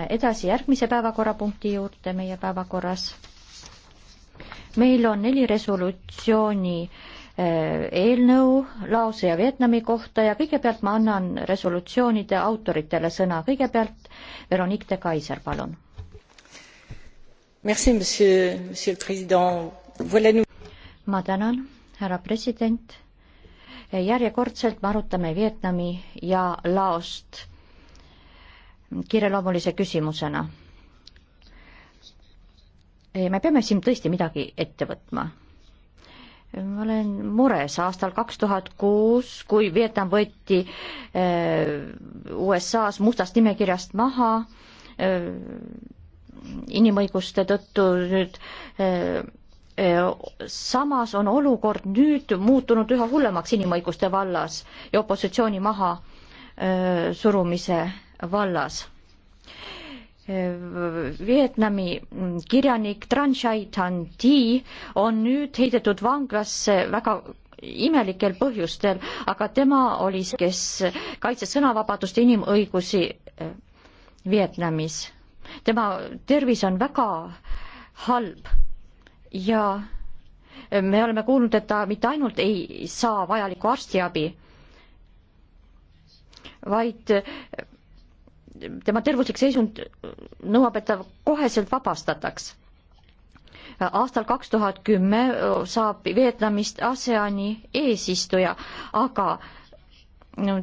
Läheme edasi järgmise päevakorrapunkti juurde meie päevakorras. meil on neli resolutsiooni eh, eelnõu Laose ja Vietnami kohta ja kõigepealt ma annan resolutsioonide autoritele sõna. kõigepealt Veronique de Kaiser, palun. ma tänan, härra president. järjekordselt me arutame Vietnami ja Laost kiireloomulise küsimusena. me peame siin tõesti midagi ette võtma ma olen mures aastal kaks tuhat kuus, kui Vietnam võeti äh, USA-s mustast nimekirjast maha äh, inimõiguste tõttu nüüd äh, samas on olukord nüüd muutunud üha hullemaks inimõiguste vallas ja opositsiooni maha surumise vallas. Vietnami kirjanik Tran Shai Tan Ti on nüüd heidetud vanglasse väga imelikel põhjustel, aga tema oli see, kes kaitses sõnavabadust ja inimõigusi eh, Vietnamis. tema tervis on väga halb ja eh, me oleme kuulnud, et ta mitte ainult ei saa vajalikku arstiabi, vaid eh, tema tervislik seisund nõuab, et ta koheselt vabastataks. aastal kaks tuhat kümme saab Vietnamist ASEAN-i eesistuja, aga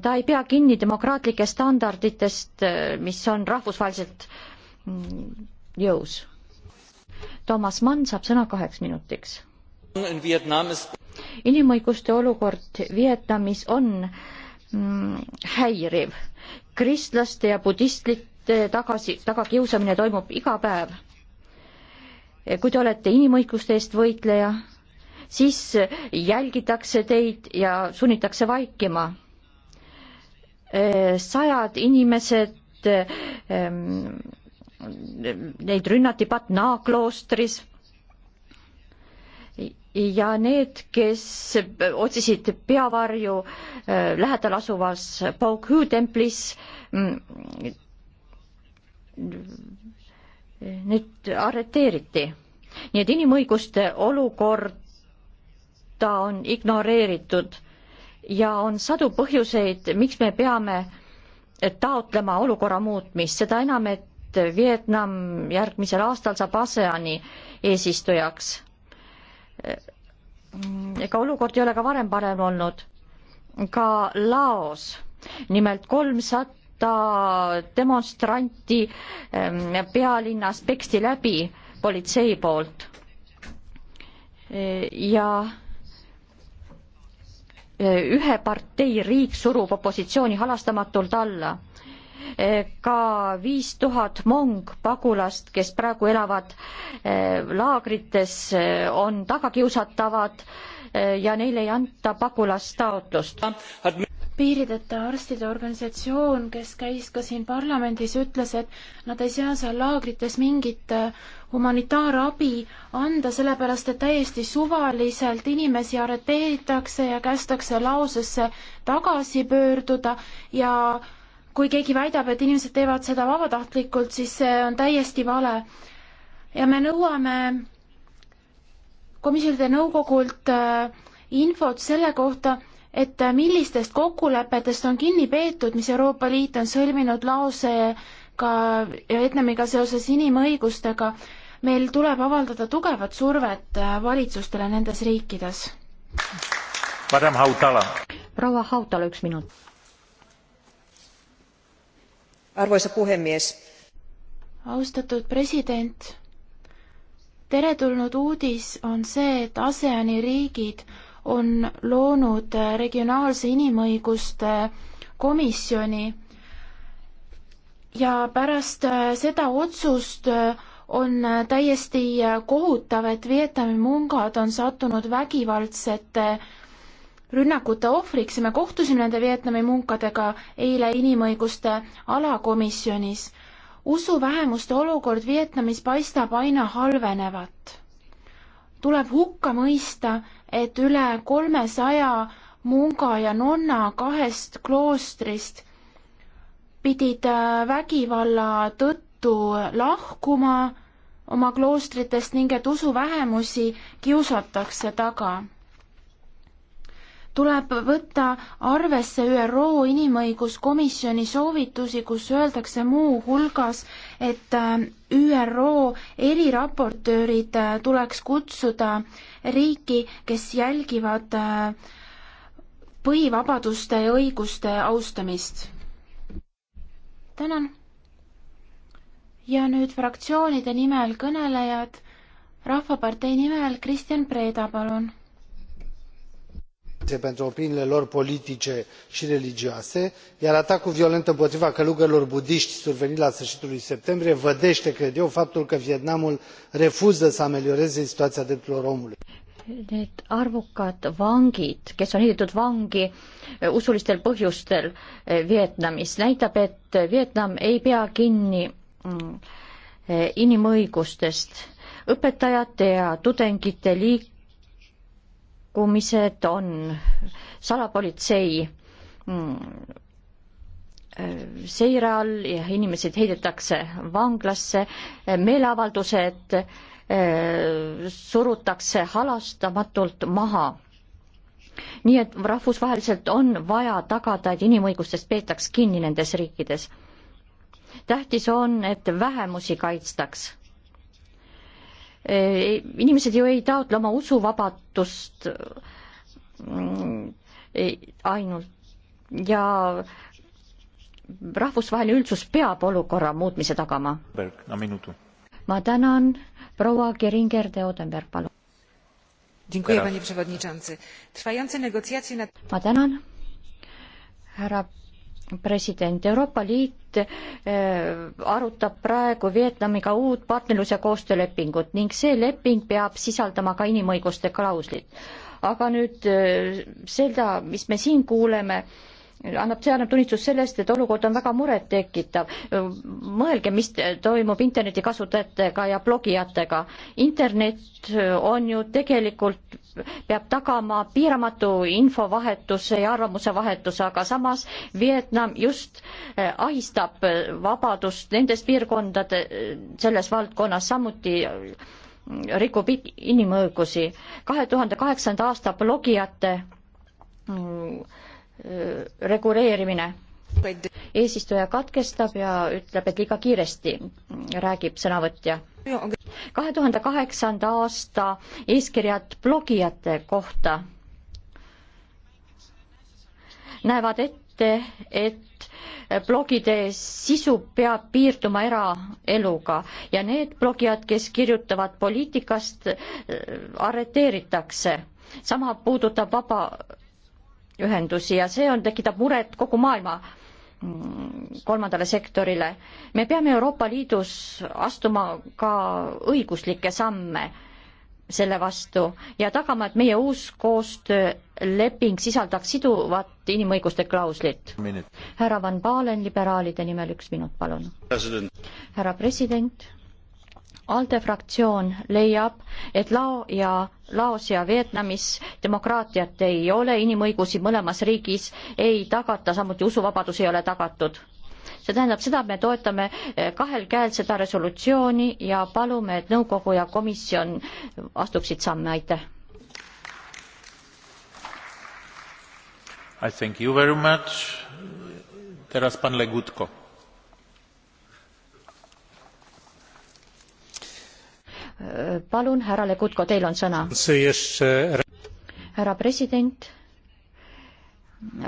ta ei pea kinni demokraatlikest standarditest, mis on rahvusvaheliselt mm, jõus. Toomas Mann saab sõna kaheks minutiks. inimõiguste olukord Vietnamis on äh, Mm, häiriv. kristlaste ja budistlite tagasi, tagakiusamine toimub iga päev. kui te olete inimõiguste eest võitleja, siis jälgitakse teid ja sunnitakse vaikima. sajad inimesed, neid rünnati Patna kloostris ja need, kes otsisid peavarju äh, lähedal asuvas Paukhu templis, mm, need arreteeriti. nii et inimõiguste olukorda on ignoreeritud ja on sadu põhjuseid, miks me peame taotlema olukorra muutmist, seda enam, et Vietnam järgmisel aastal saab ASEAN-i eesistujaks ega olukord ei ole ka varem parem olnud. ka Laos nimelt kolmsada demonstranti ehm, pealinnas peksti läbi politsei poolt. E, ja e, ühe partei riik surub opositsiooni halastamatult alla ka viis tuhat mongpagulast, kes praegu elavad eh, laagrites, eh, on tagakiusatavad eh, ja neile ei anta pagulastaotlust. piirideta arstide organisatsioon, kes käis ka siin parlamendis, ütles, et nad ei saa seal laagrites mingit humanitaarabi anda, sellepärast et täiesti suvaliselt inimesi arreteeritakse ja kästakse laosesse tagasi pöörduda ja kui keegi väidab, et inimesed teevad seda vabatahtlikult, siis see on täiesti vale. ja me nõuame komisjonilt ja nõukogult äh, infot selle kohta, et äh, millistest kokkulepetest on kinni peetud, mis Euroopa Liit on sõlminud Laosega ja Vietnamiga seoses inimõigustega. meil tuleb avaldada tugevat survet äh, valitsustele nendes riikides. proua Hautala, üks minut arvoisa puhemies. austatud president, teretulnud uudis on see, et ASEAN-i riigid on loonud regionaalse inimõiguste komisjoni ja pärast seda otsust on täiesti kohutav, et Vietnami mungad on sattunud vägivaldsete rünnakute ohvriks ja me kohtusime nende Vietnami munkadega eile inimõiguste alakomisjonis. usuvähemuste olukord Vietnamis paistab aina halvenevat. tuleb hukka mõista, et üle kolmesaja munga ja nonna kahest kloostrist pidid äh, vägivalla tõttu lahkuma oma kloostritest ning et usuvähemusi kiusatakse taga tuleb võtta arvesse ÜRO Inimõiguskomisjoni soovitusi, kus öeldakse muuhulgas, et äh, ÜRO eriraportöörid äh, tuleks kutsuda riiki, kes jälgivad äh, põhivabaduste ja õiguste austamist. tänan! ja nüüd fraktsioonide nimel kõnelejad, Rahvapartei nimel Kristjan Preeda, palun pentru opiniile lor politice i religioase iar atacul violent împotriva călugărilor buditi survenit la sfâritul lui septembrie vădete cred eu faptul că vietnamul refuză să amelioreze situaia drepturilor omului. Need arvukad vangid, kes on heidetud vangi eh, usulistel põhjustel eh, Vietnamis, näitab, et Vietnam ei pea kinni mm, eh, inimõigustest. õpetajate ja tudengite liik-, rikkumised on salapolitsei mm, äh, seire all ja inimesed heidetakse vanglasse, meeleavaldused äh, surutakse halastamatult maha. nii et rahvusvaheliselt on vaja tagada, et inimõigustest peetaks kinni nendes riikides. tähtis on, et vähemusi kaitstaks inimesed ju ei taotle oma usuvabadust mm, ainult ja rahvusvaheline üldsus peab olukorra muutmise tagama. ma tänan, proua Geringer de Odenberg, palun. ma tänan, härra president, Euroopa Liit eh, arutab praegu Vietnamiga uut partnerlus- ja koostöölepingut ning see leping peab sisaldama ka inimõiguste klauslit. aga nüüd eh, seda, mis me siin kuuleme, annab, see annab tunnistust sellest, et olukord on väga murettekitav. mõelge, mis toimub internetikasutajatega ja blogijatega. internet on ju tegelikult peab tagama piiramatu infovahetuse ja arvamusevahetuse, aga samas Vietnam just eh, ahistab eh, vabadust nendes piirkondade, eh, selles valdkonnas samuti rikub inimõigusi. kahe tuhande kaheksanda aasta blogijate mm, reguleerimine eesistuja katkestab ja ütleb, et liiga kiiresti räägib sõnavõtja. kahe tuhande kaheksanda aasta eeskirjad blogijate kohta näevad ette, et blogide sisu peab piirduma eraeluga ja need blogijad, kes kirjutavad poliitikast, arreteeritakse. sama puudutab vaba ühendusi ja see on, tekitab muret kogu maailma mm, kolmandale sektorile. me peame Euroopa Liidus astuma ka õiguslikke samme selle vastu ja tagama, et meie uus koostööleping sisaldaks siduvat inimõiguste klauslit. härra Van Balen liberaalide nimel üks minut, palun. härra president ALDE fraktsioon leiab, et Lao ja Laos ja Vietnamis demokraatiat ei ole, inimõigusi mõlemas riigis ei tagata, samuti usuvabadus ei ole tagatud. see tähendab seda, et me toetame eh, kahel käel seda resolutsiooni ja palume, et nõukogu ja komisjon astuksid samme, aitäh. I thank you very much. Teraz pan Legutko palun, härra Legutko, teil on sõna. härra president,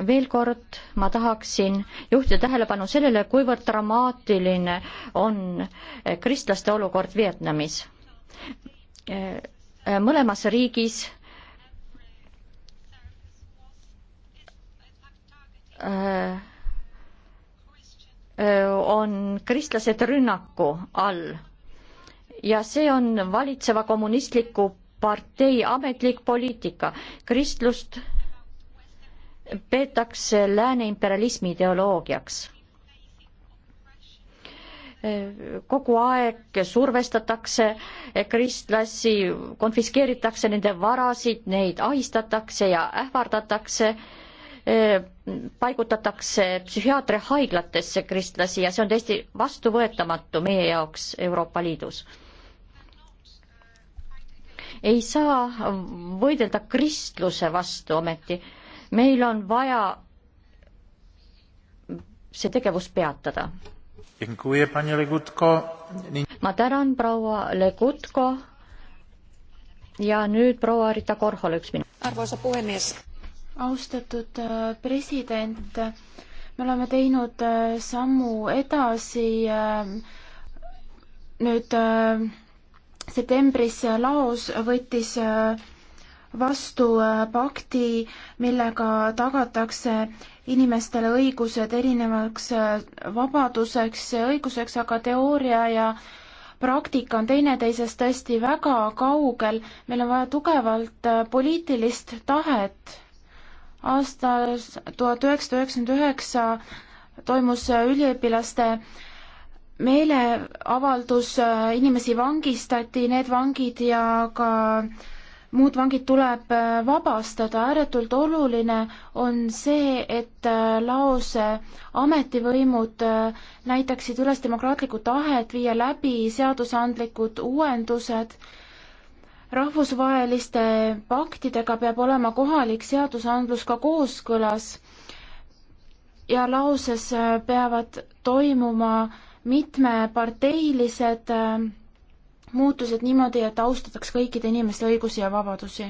veel kord ma tahaksin juhtida tähelepanu sellele, kuivõrd dramaatiline on kristlaste olukord Vietnamis. mõlemas riigis on kristlased rünnaku all ja see on valitseva kommunistliku partei ametlik poliitika. kristlust peetakse lääne imperialismi ideoloogiaks. kogu aeg survestatakse kristlasi, konfiskeeritakse nende varasid, neid ahistatakse ja ähvardatakse paigutatakse psühhiaatria haiglatesse kristlasi ja see on täiesti vastuvõetamatu meie jaoks Euroopa Liidus ei saa võidelda kristluse vastu ometi. meil on vaja see tegevus peatada. ma tänan, proua Legutko. ja nüüd proua Rita Korhol üks minut. arvoisa puhemees. austatud äh, president, me oleme teinud äh, sammu edasi äh, nüüd septembris Laos võttis äh, vastu äh, pakti, millega tagatakse inimestele õigused erinevaks äh, vabaduseks ja õiguseks, aga teooria ja praktika on teineteisest tõesti väga kaugel, meil on vaja tugevalt poliitilist tahet. aastal tuhat üheksasada üheksakümmend üheksa toimus üliõpilaste meeleavaldus, äh, inimesi vangistati, need vangid ja ka muud vangid tuleb äh, vabastada, ääretult oluline on see, et äh, Laos ametivõimud näitaksid üles demokraatlikku tahet viia läbi seadusandlikud uuendused, rahvusvaheliste paktidega peab olema kohalik seadusandlus ka kooskõlas ja Laoses peavad toimuma mitmeparteilised äh, muutused niimoodi, et austataks kõikide inimeste õigusi ja vabadusi.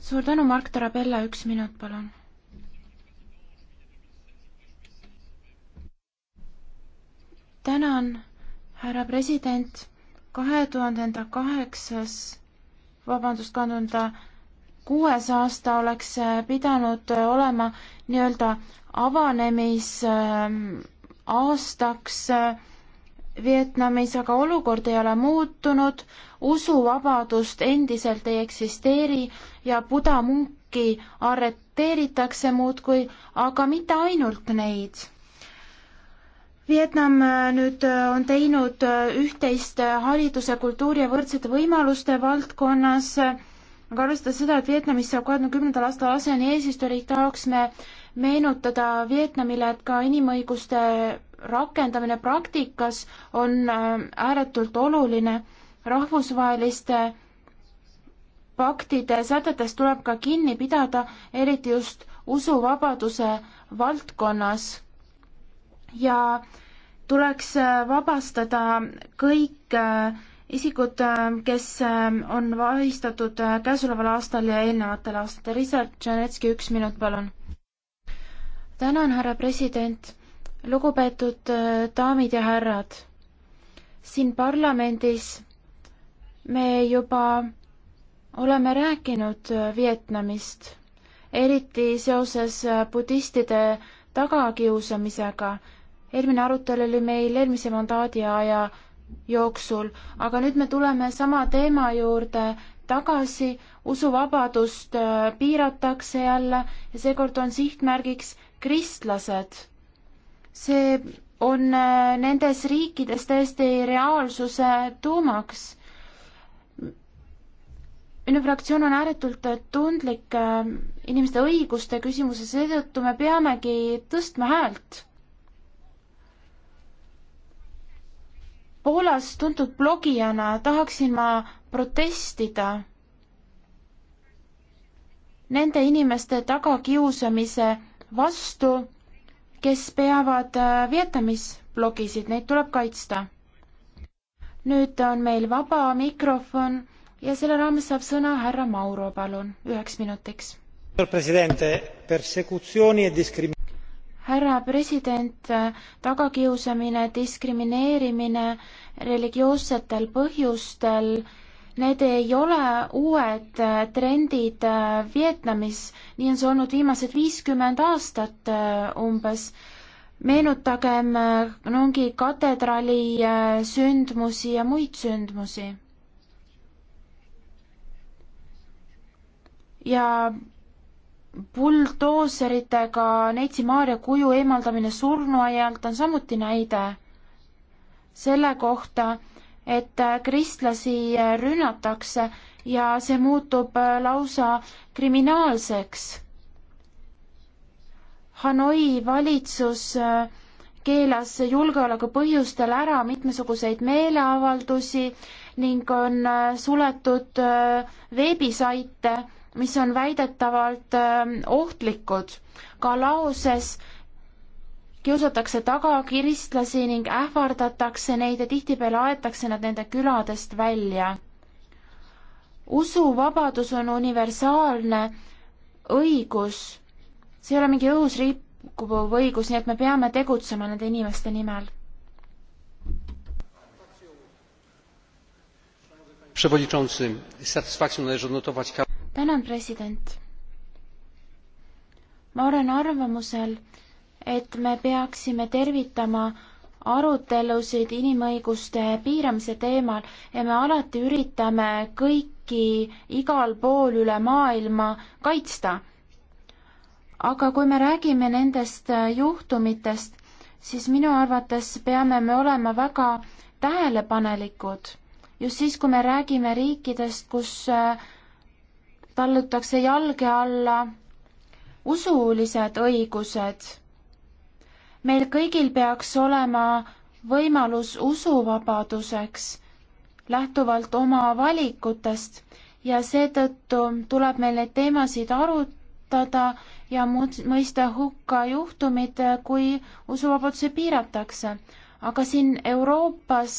suur tänu, Mark Tarabella, üks minut, palun. tänan, härra president, kahe tuhandenda kaheksas, vabandust, kahe tuhande kuues aasta oleks pidanud olema nii-öelda avanemis äh, aastaks äh, Vietnamis, aga olukord ei ole muutunud, usuvabadust endiselt ei eksisteeri ja Buda munki arreteeritakse muudkui, aga mitte ainult neid. Vietnam äh, nüüd äh, on teinud üht-teist hariduse, kultuuri ja võrdsete võimaluste valdkonnas, aga arvestades seda, et Vietnamist saab kahekümne kümnendal aastal ASEAN-i eesistujariik, tahaks me meenutada Vietnamile, et ka inimõiguste rakendamine praktikas on äh, ääretult oluline. rahvusvaheliste paktide sätetest tuleb ka kinni pidada, eriti just usuvabaduse valdkonnas. ja tuleks äh, vabastada kõik äh, isikud, kes on vahistatud käesoleval aastal ja eelnevatel aastatel. Richard Tšernetski, üks minut, palun tänan, härra president. lugupeetud äh, daamid ja härrad. siin parlamendis me juba oleme rääkinud äh, Vietnamist, eriti seoses äh, budistide tagakiusamisega. eelmine arutelu oli meil eelmise mandaadi aja jooksul, aga nüüd me tuleme sama teema juurde tagasi, usuvabadust piiratakse jälle ja seekord on sihtmärgiks kristlased. see on äh, nendes riikides täiesti reaalsuse tuumaks. minu fraktsioon on ääretult tundlik äh, inimeste õiguste küsimuse, seetõttu me peamegi tõstma häält. Poolas tuntud blogijana tahaksin ma protestida nende inimeste tagakiusamise vastu, kes peavad äh, Vietnamis blogisid, neid tuleb kaitsta. nüüd on meil vaba mikrofon ja selle raames saab sõna härra Mauro, palun, üheks minutiks. härra president, äh, tagakiusamine, diskrimineerimine religioossetel põhjustel Need ei ole uued äh, trendid äh, Vietnamis, nii on see olnud viimased viiskümmend aastat äh, umbes. meenutagem Nongi katedrali sündmusi ja muid sündmusi. ja buldooseritega Neitsi Maarja kuju eemaldamine surnuaialt on samuti näide selle kohta et äh, kristlasi äh, rünnatakse ja see muutub äh, lausa kriminaalseks. Hanoi valitsus keelas julgeoleku põhjustel ära mitmesuguseid meeleavaldusi ning on suletud veebisaite, mis on väidetavalt ohtlikud. ka Laoses kiusatakse taga kiristlasi ning ähvardatakse neid ja tihtipeale aetakse nad nende küladest välja. usuvabadus on universaalne õigus, see ei ole mingi õhus rikkuv õigus, nii et me peame tegutsema nende inimeste nimel. tänan, president. ma olen arvamusel, et me peaksime tervitama arutelusid inimõiguste piiramise teemal ja me alati üritame kõiki igal pool üle maailma kaitsta. aga kui me räägime nendest juhtumitest, siis minu arvates peame me olema väga tähelepanelikud just siis, kui me räägime riikidest, kus äh, tallutakse jalge alla usulised õigused meil kõigil peaks olema võimalus usuvabaduseks lähtuvalt oma valikutest ja seetõttu tuleb meil neid teemasid arutada ja mõista hukka juhtumid, kui usuvabadusi piiratakse. aga siin Euroopas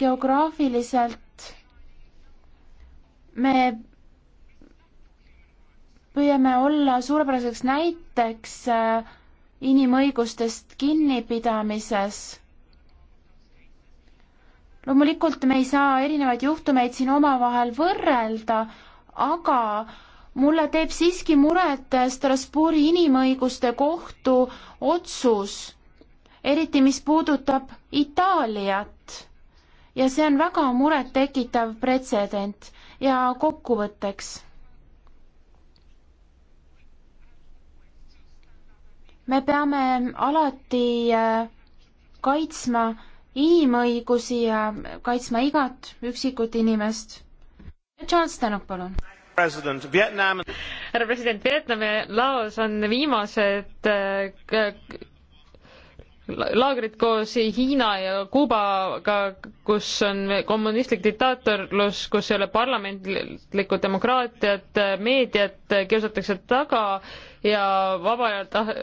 geograafiliselt me püüame olla suurepäraseks näiteks äh, inimõigustest kinnipidamises. loomulikult me ei saa erinevaid juhtumeid siin omavahel võrrelda, aga mulle teeb siiski muret Strasbourgi inimõiguste kohtu otsus, eriti mis puudutab Itaaliat. ja see on väga murettekitav pretsedent ja kokkuvõtteks me peame alati äh, kaitsma inimõigusi ja kaitsma igat üksikut inimest. Charles Tannock, palun. härra president, Vietnam ja Laos on viimased äh, laagrid koos Hiina ja Kuubaga, kus on kommunistlik diktaatorlus, kus ei ole parlamentlikku demokraatiat, meediat kiusatakse taga ja vaba ja tah-,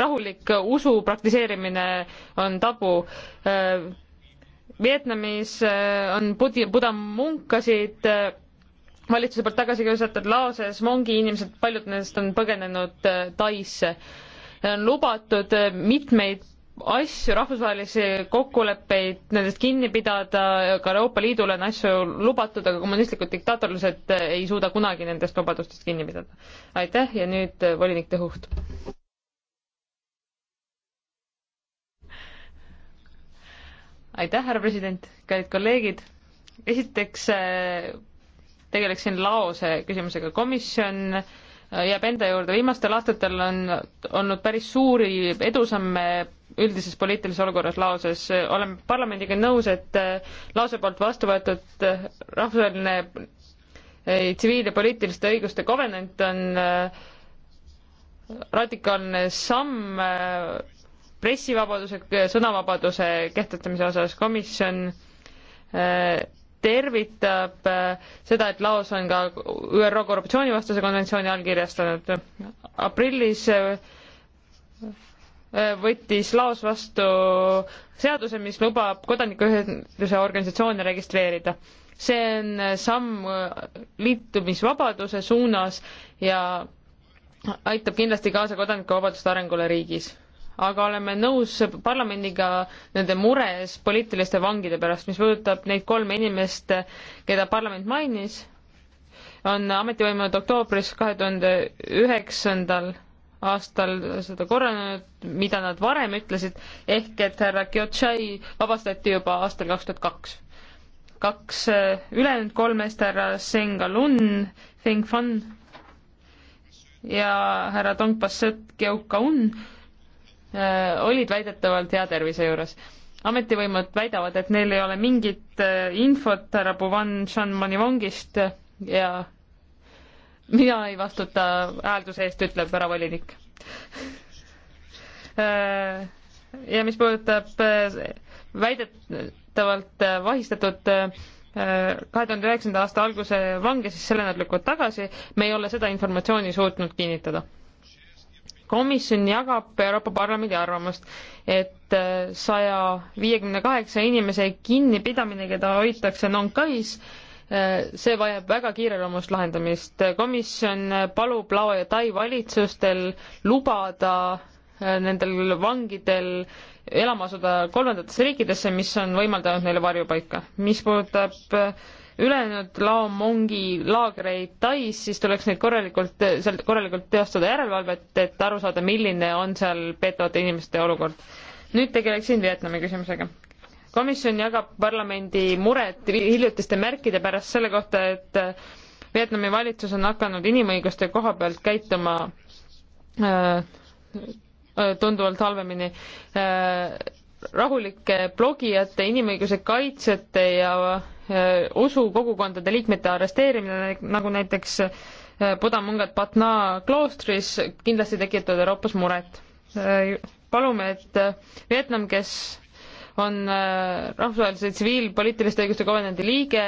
rahulik usu praktiseerimine on tabu. Vietnamis on budi-, buda munkasid valitsuse poolt tagasi kiusatud, Laoses mongi inimesed, paljud nendest on põgenenud Taisse on lubatud mitmeid asju, rahvusvahelisi kokkuleppeid, nendest kinni pidada, ka Euroopa Liidule on asju lubatud, aga kommunistlikud diktaatorlused ei suuda kunagi nendest vabadustest kinni pidada. aitäh ja nüüd äh, volinik De Hucht. aitäh, härra president, kallid kolleegid. esiteks äh, tegeleksin laose küsimusega. komisjon äh, Äh, jääb enda juurde. viimastel aastatel on olnud päris suuri edusamme üldises poliitilises olukorras Laoses. olen parlamendiga nõus, et äh, Laose poolt vastu võetud äh, rahvusvaheline tsiviil- ja poliitiliste õiguste kovenant on radikaalne samm pressivabaduse, sõnavabaduse kehtestamise osas. komisjon tervitab äh, seda, et Laos on ka ÜRO korruptsioonivastase konventsiooni allkirjastanud. aprillis äh, äh, võttis Laos vastu seaduse, mis lubab kodanikuühenduse organisatsioone registreerida. see on samm liitumisvabaduse suunas ja aitab kindlasti kaasa kodanikuvabaduste arengule riigis aga oleme nõus parlamendiga nende mures poliitiliste vangide pärast, mis puudutab neid kolme inimest, keda parlament mainis, on ametivõimunud oktoobris kahe tuhande üheksandal aastal seda korranud, mida nad varem ütlesid, ehk et härra Kyotšai vabastati juba aastal kaks tuhat kaks. kaks äh, ülejäänud kolmest, härra Sengalun, Feng Fan ja härra Dongpaset Keukaun Äh, olid väidetavalt hea tervise juures. ametivõimud väidavad, et neil ei ole mingit äh, infot härra Puvan Shanmonivongist ja mina ei vastuta häälduse eest, ütleb härra volinik äh, ja mis puudutab väidetavalt vahistatud kahe tuhande üheksanda aasta alguse vange, siis selle nad lükkuvad tagasi, me ei ole seda informatsiooni suutnud kinnitada komisjon jagab Euroopa Parlamendi arvamust, et äh, saja viiekümne kaheksa inimese kinnipidamine, keda hoitakse non-kais, äh, see vajab väga kiireloomulist lahendamist. komisjon palub Lao ja Tai valitsustel lubada nendel vangidel elama asuda kolmandatesse riikidesse, mis on võimaldanud neile varjupaika. mis puudutab eh, ülejäänud Laomongi laagreid Tais, siis tuleks neid korralikult, seal korralikult teostada järelevalvet, et aru saada, milline on seal peetavate inimeste olukord. nüüd tegeleksin Vietnami küsimusega. komisjon jagab parlamendi muret hiljutiste märkide pärast selle kohta, et eh, Vietnami valitsus on hakanud inimõiguste koha pealt käituma äh, Äh, tunduvalt halvemini. Äh, rahulike blogijate, inimõiguse kaitsjate ja äh, usukogukondade liikmete arresteerimine, nagu näiteks budamungad Patna kloostris, kindlasti tekitavad Euroopas muret. palume, et Vietnam, kes on rahvusvahelise tsiviilpoliitiliste õiguste kovenendi liige,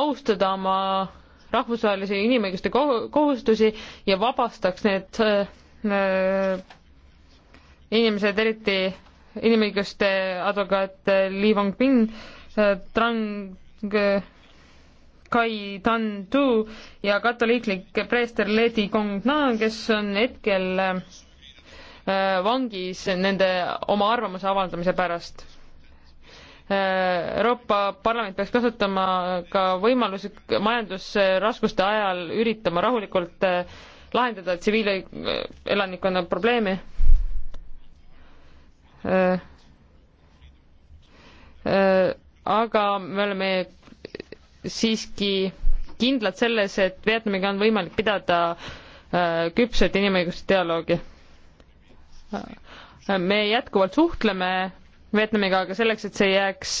austada oma rahvusvahelisi inimõiguste kohustusi ja vabastaks need inimesed, eriti inimõiguste advokaat Li Wangping, Trang Kai Tan Tu ja katoliiklik preester Ledi Kong Na, kes on hetkel äh, vangis nende oma arvamuse avaldamise pärast. Äh, Euroopa Parlament peaks kasutama ka võimalusi majandusraskuste ajal üritama rahulikult äh, lahendada tsiviilelanikkonna probleemi Äh, äh, aga me oleme siiski kindlad selles, et Vietnamiga on võimalik pidada äh, küpset inimõiguste dialoogi. me jätkuvalt suhtleme Vietnamiga, aga selleks, et see jääks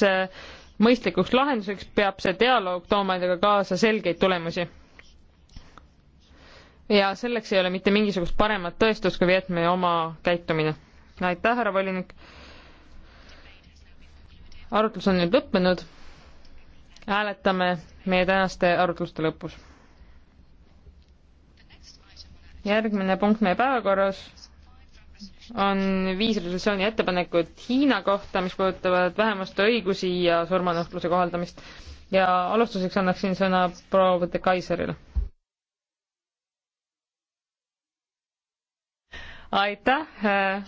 mõistlikuks lahenduseks, peab see dialoog tooma endaga kaasa selgeid tulemusi. ja selleks ei ole mitte mingisugust paremat tõestust kui Vietnami oma käitumine aitäh, härra volinik. arutlus on nüüd lõppenud. hääletame meie tänaste arutluste lõpus. järgmine punkt meie päevakorras on viis resolutsiooni ettepanekut Hiina kohta, mis puudutavad vähemuste õigusi ja surmanuhtluse kohaldamist. ja alustuseks annaksin sõna proua Kaiserile aitäh äh,